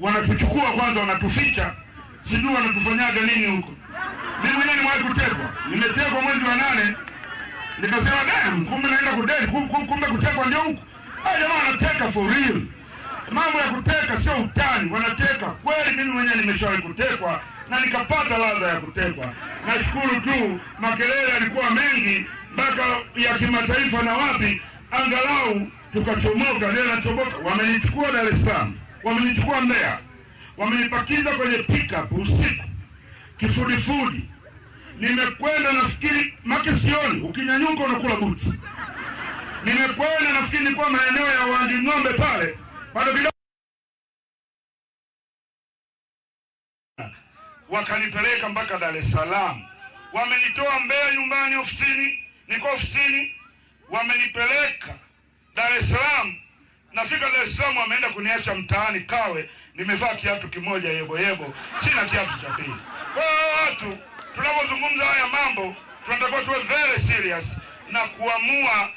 wanatuchukua kwanza, wanatuficha, sijui wanatufanyaga nini huko. Mimi mwenyewe nimewahi kutekwa, nimetekwa mwezi wa nane, nikasema damn, kumbe naenda kudeli, kumbe kutekwa ndio huko. Haya, jamaa wanateka for real. Mambo ya kuteka sio utani, wanateka kweli. Mimi mwenyewe nimeshawahi kutekwa na nikapata ladha ya kutekwa. Nashukuru tu makelele yalikuwa mengi mpaka ya kimataifa na wapi, angalau tukachomoka. Leo nachomoka, wamenichukua Dar es Salaam wamenichukua Mbeya, wamenipakiza kwenye pikapu usiku kifudifudi, nimekwenda nafikiri makisioni, ukinyanyuka unakula buti. Nimekwenda nafikiri nilikuwa maeneo ya wandi ng'ombe pale bado wakanipeleka mpaka Dar es Salaam. Wamenitoa Mbeya nyumbani, ofisini, niko ofisini, wamenipeleka Dar es Salaam nafika Dar es Salaam ameenda kuniacha mtaani Kawe, nimevaa kiatu kimoja yebo, sina kiatu cha pili. Kwa watu tunapozungumza haya mambo tunatakiwa tuwe very serious na kuamua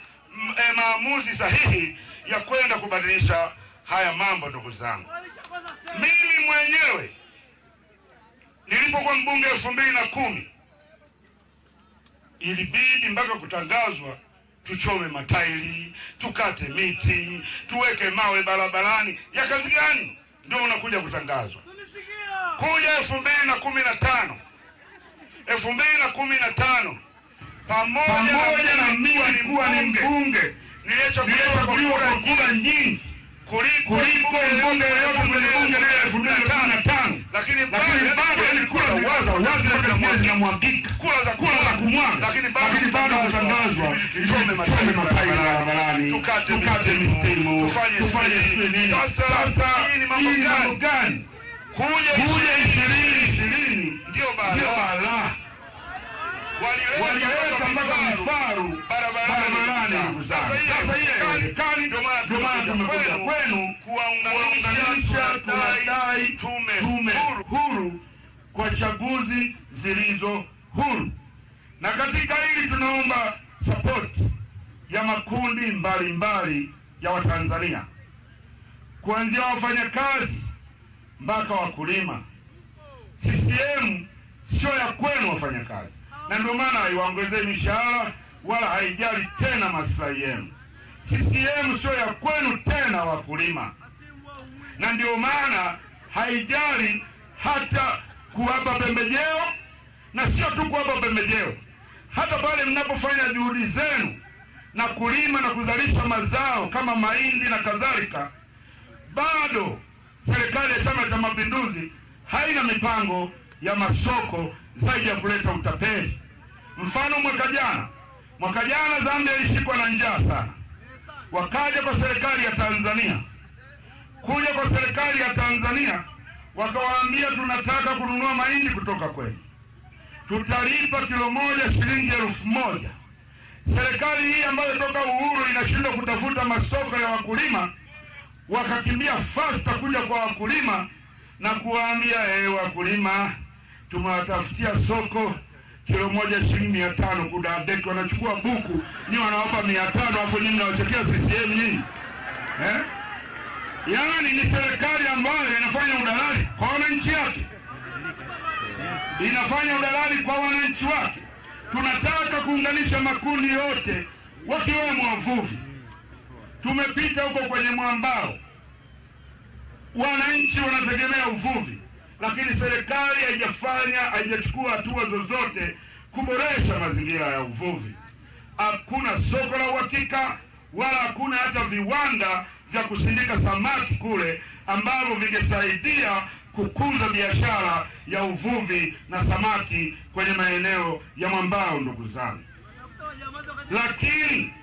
e, maamuzi sahihi ya kwenda kubadilisha haya mambo. Ndugu zangu, mimi mwenyewe nilipokuwa mbunge elfu mbili na kumi ilibidi mpaka kutangazwa tuchome matairi, tukate miti, tuweke mawe barabarani. Ya kazi gani? Ndio unakuja kutangazwa kuja elfu mbili na kumi na tano elfu mbili na kumi na tano pamoja na mimi kuwa ni mbunge niliyechaguliwa kwa kura nyingi kuliko mbunge yoyote kwenye bunge la elfu mbili na kumi na tano, lakini bado ni kura za wazi wazi zinamwagika, kura za kumwaga, lakini bado kutangazwa tuchome mapai barabarani, tukate mitemo, tufanye nini? Sasa hii ni mambo gani? Kuja ishirini ishirini ndio balaa waliweka mpaka vifaru barabarani. Sasa hiyo kwenu kuwaunganisha, tunadai tume, tume huru kwa chaguzi zilizo huru, na katika hili tunaomba sapoti ya makundi mbalimbali mbali ya Watanzania kuanzia wafanyakazi mpaka wakulima. CCM sio ya kwenu wafanyakazi, na ndio maana haiwaongezei mishahara wala haijali tena maslahi yenu. CCM sio ya kwenu tena, wakulima, na ndio maana haijali hata kuwapa pembejeo, na sio tu kuwapa pembejeo, hata pale mnapofanya juhudi zenu na kulima na kuzalisha mazao kama mahindi na kadhalika, bado serikali ya Chama cha Mapinduzi haina mipango ya masoko zaidi ya kuleta utapeli. Mfano mwaka jana, mwaka jana Zambia ilishikwa na njaa sana wakaja kwa serikali ya Tanzania, kuja kwa serikali ya Tanzania wakawaambia, tunataka kununua mahindi kutoka kwenu, tutalipa kilo moja shilingi elfu moja. Serikali hii ambayo toka uhuru inashindwa kutafuta masoko ya wakulima, wakakimbia fasta kuja kwa wakulima na kuwaambia, ee, wakulima tumewatafutia soko kilo moja shilingi mia tano deki, wanachukua buku ni wanawapa mia tano hapo nyinyi mnawachekea CCM nyinyi eh? Yaani ni serikali ambayo inafanya udalali kwa wananchi wake, inafanya udalali kwa wananchi wake. Tunataka kuunganisha makundi yote wakiwemo wavuvi. Tumepita huko kwenye mwambao, wananchi wanategemea uvuvi lakini serikali haijafanya haijachukua hatua zozote kuboresha mazingira ya uvuvi. Hakuna soko la uhakika wala hakuna hata viwanda vya kusindika samaki kule ambavyo vingesaidia kukuza biashara ya uvuvi na samaki kwenye maeneo ya mwambao, ndugu zangu. Lakini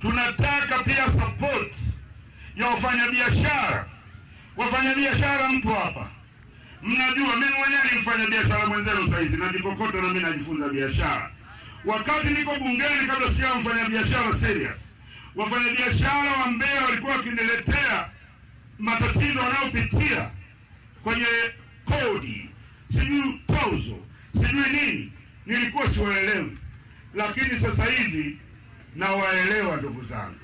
tunataka pia support ya wafanyabiashara, wafanyabiashara mpo hapa Mnajua mimi mwenyewe ni mfanya biashara mwenzenu saizi na nikokota na mimi najifunza biashara. Wakati niko bungeni, kabla sijawa mfanya biashara serious, wafanyabiashara wa Mbeya walikuwa wakiniletea matatizo wanayopitia kwenye kodi, sijui tozo, sijui nini, nilikuwa siwaelewi, lakini sasa hivi nawaelewa ndugu zangu.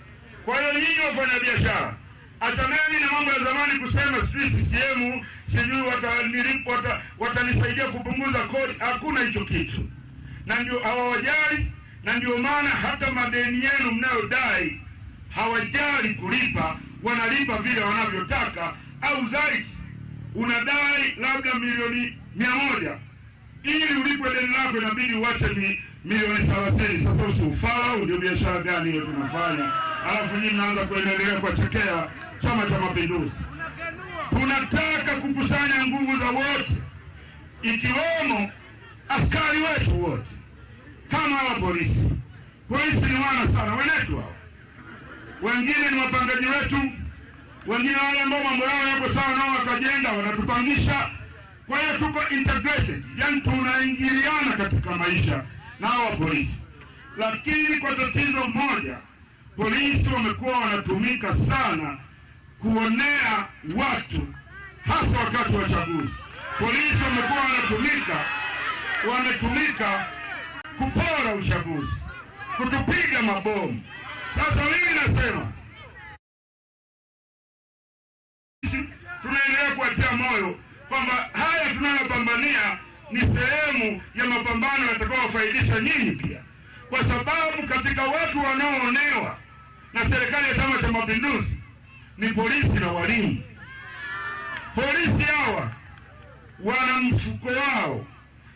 Kwa hiyo nyinyi wafanyabiashara Achaneni na mambo ya zamani kusema sijui CCM sijui watanisaidia wata, kupunguza kodi. Hakuna hicho kitu, na ndio hawawajali, na ndio maana hata madeni yenu mnayodai hawajali kulipa, wanalipa vile wanavyotaka au zaidi. Unadai labda milioni mia moja ili ulipwe deni lako inabidi uache mi, milioni thelathini. Sasa usiufalau, ndio biashara gani hiyo tunafanya? Alafu nyinyi mnaanza kuendelea kuwachekea Chama cha Mapinduzi. Tunataka kukusanya nguvu za wote, ikiwemo askari wetu wote, kama hawa polisi. Polisi ni wana sana wenetu hawa wengine ni wapangaji wetu, wengine wale ambao mambo yao yako sawa nao wakajenga, wanatupangisha. Kwa hiyo tuko integrated, yani tunaingiliana katika maisha na hawa polisi, lakini kwa tatizo moja, polisi wamekuwa wanatumika sana kuonea watu, hasa wakati wa chaguzi. Polisi wamekuwa wanatumika, wametumika kupora uchaguzi, kutupiga mabomu. Sasa mimi nasema tunaendelea kuwatia moyo kwamba haya tunayopambania ni sehemu ya mapambano yatakayowafaidisha nyinyi pia, kwa sababu katika watu wanaoonewa na serikali ya Chama cha Mapinduzi ni polisi na walimu. Polisi hawa wana mfuko wao,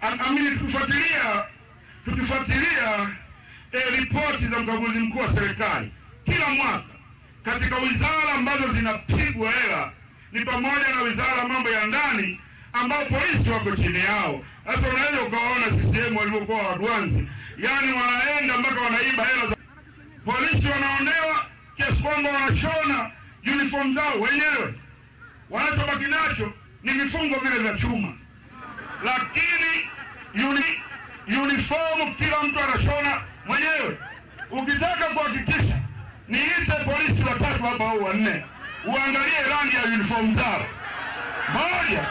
amini, tukifuatilia tukifuatilia e, ripoti za mkaguzi mkuu wa serikali kila mwaka katika wizara ambazo zinapigwa hela ni pamoja na wizara mambo ya ndani ambao polisi wako chini yao. Sasa unaweza ukawaona CCM walivyokuwa wadwanzi, yaani wanaenda mpaka wanaiba hela za polisi, wanaonewa kiasi kwamba wanashona uniform zao wenyewe, wanachobaki nacho ni vifungo vile vya chuma, lakini uni, uniform kila mtu anashona mwenyewe. Ukitaka kuhakikisha, niite polisi watatu hapa au wanne, uangalie rangi ya uniform zao. Moja,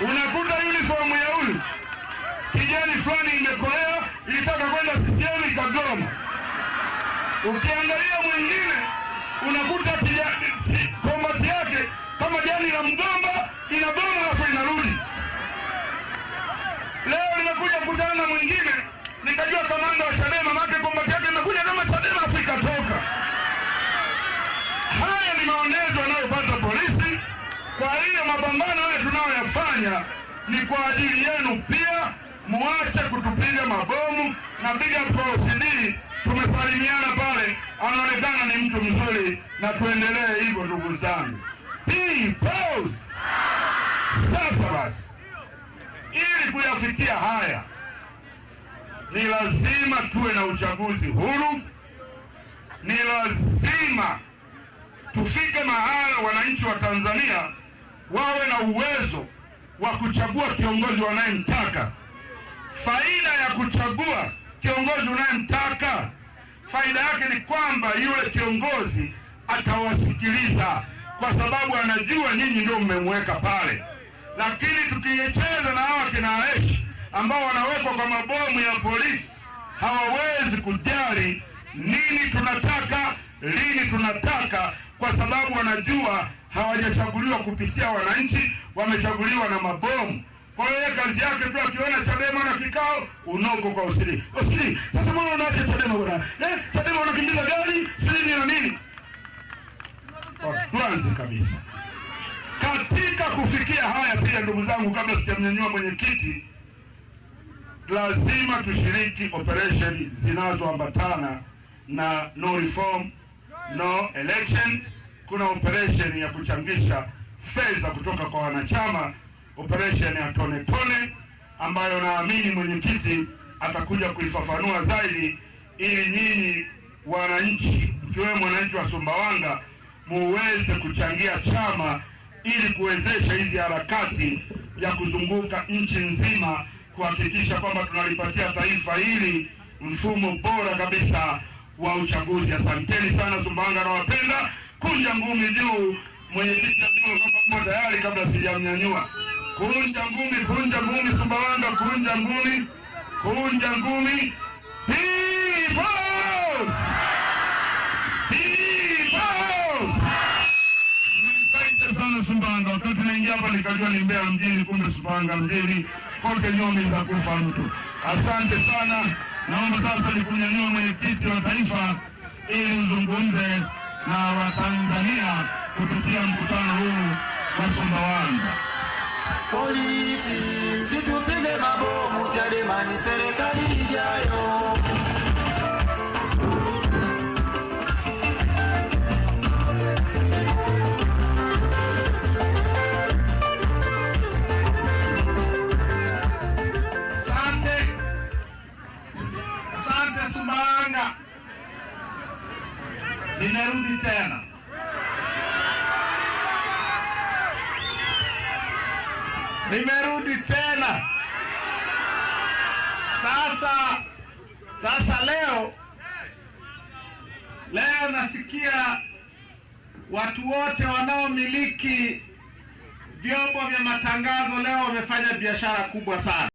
unakuta uniform ya huyu kijani fulani imekolea, ilitaka kwenda sisiemu ikagoma. Ukiangalia mwingine unakuta komati yake kama jani la mgomba inagoma, alafu inarudi. Leo nimekuja kutana na mwingine nikajua kamanda wa Chadema, make komati yake imekuja kama Chadema asikatoka. Haya ni maonezo anayopata polisi. Kwa hiyo mapambano haya tunayoyafanya ni kwa ajili yenu pia, muache kutupiga mabomu na piga prosidi tumesalimiana pale, anaonekana ni mtu mzuri, na tuendelee hivyo ndugu zangu. Sasa basi, ili kuyafikia haya ni lazima tuwe na uchaguzi huru, ni lazima tufike mahala wananchi wa Tanzania wawe na uwezo wa kuchagua kiongozi wanayemtaka. Faida ya kuchagua kiongozi unayemtaka faida yake ni kwamba yule kiongozi atawasikiliza, kwa sababu anajua nyinyi ndio mmemweka pale. Lakini tukiyecheza na hawa kina Aeshi ambao wanawekwa kwa mabomu ya polisi, hawawezi kujali nini tunataka lini tunataka, kwa sababu wanajua hawajachaguliwa kupitia wananchi, wamechaguliwa na mabomu. Kwa hiyo kazi yake tu akiona Chadema na kikao unoko kwa usiri. Usiri. Sasa mbona unaacha Chadema bwana? Eh, Chadema unakimbiza gari, siri ni nini? Kwanza kabisa. Katika kufikia haya pia ndugu zangu, kabla sijamnyanyua mwenyekiti, lazima tushiriki operation zinazoambatana na no reform, no election. Kuna operation ya kuchangisha fedha kutoka kwa wanachama operation ya tone tone, ambayo naamini mwenyekiti atakuja kuifafanua zaidi, ili nyinyi wananchi, mkiwemo mwananchi wa Sumbawanga, muweze kuchangia chama ili kuwezesha hizi harakati ya kuzunguka nchi nzima kuhakikisha kwamba tunalipatia taifa hili mfumo bora kabisa wa uchaguzi. Asanteni sana Sumbawanga, nawapenda. Kunja ngumi juu. Mwenyekiti, tayari kabla sijamnyanyua kuunja ngumi, kunja ngumi, Sumbawanga, kunja ngumi, kunja ngumi. Nisaite sana Sumbawanga, wakati naingia hapa nikajua ni Mbeya mjini, kumbe Sumbawanga mjini kote, nyome za kufa mtu. Asante sana, naomba sasa nikunyanyua mwenyekiti wa taifa ili uzungumze na Watanzania kupitia mkutano huu wa Sumbawanga. Police, Polisi, msitupize mabomu, Chadema ni serikali. nimerudi tena sasa. Sasa leo leo nasikia watu wote wanaomiliki vyombo vya matangazo leo wamefanya biashara kubwa sana.